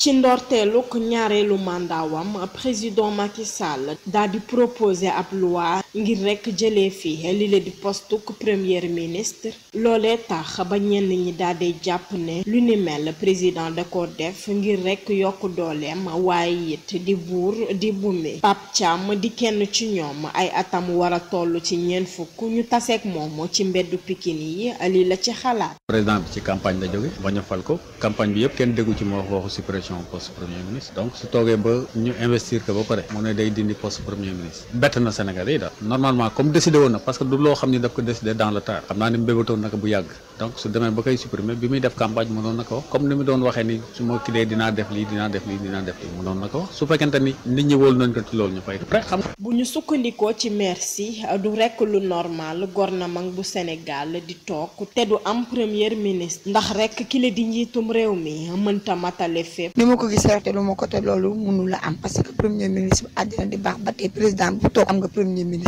ci ndorteeluk ñaareelu mandaawam président Macky Sall daal di proposé ab loi ngir rek jëlee fii lile di postu premier ministre loolee tax ba ñenn ñi daldi jàpp ne lu ni mel président da ko def ngir rekk yokk dooleem waaye it di buur di bumi Pape Thiam di kenn ci ñoom ay atam war a toll ci ñeent fukk ñu taseek moom ci mbeddu Pikine yi li la ci xalaat. président bi ci campagne la jóge ba ñu fal ko campagne bi yëpp kenn déggu ci moo waxu suppression poste premier ministre donc su toogee ba ñu investir ko ba pare mu ne day dindi poste premier ministre bett na normalement comme décidé wona parce que du lo xamni daf ko décidé dans le temps xamna ni mbegoto nak bu yag donc su demee ba koy supprimer bi muy def campagne mënoon na ko comme ni mi doon waxé ni su ma kidee dinaa def li dina def li dina def lii mënoon nako su fekkente ni nit ñi wol nañ ko ci lool ñu fay après xam bu ñu sukkandiko ci merci du rek lu normal gornamang bu sénégal di tok té du am premier ministre ndax rek ki le di ñitum réew mi mënta matale fépp ni mako gis rek té lu mako té lool mënu la am parce que premier ministre adina di bax ba président bu tok am nga premier ministre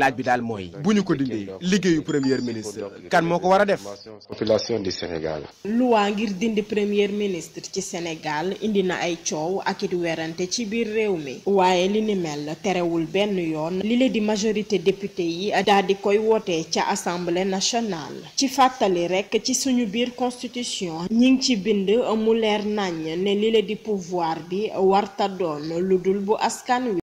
laaj bi daal mooy bu ñu ko dindee liggéeyu premier ministre kan moo ko war a def population du Sénégal luwaa ngir dindi premier ministre ci Sénégal indi na ay coow ak it werante ci biir réew mi waaye li ni mel terewul benn yoon li di majorité député yi daal di koy wootee ca assemblée nationale ci fàttali rek ci suñu biir constitution ñi ngi ci bind mu leer nañ ne li di pouvoir bi warta doon lu dul bu askan wi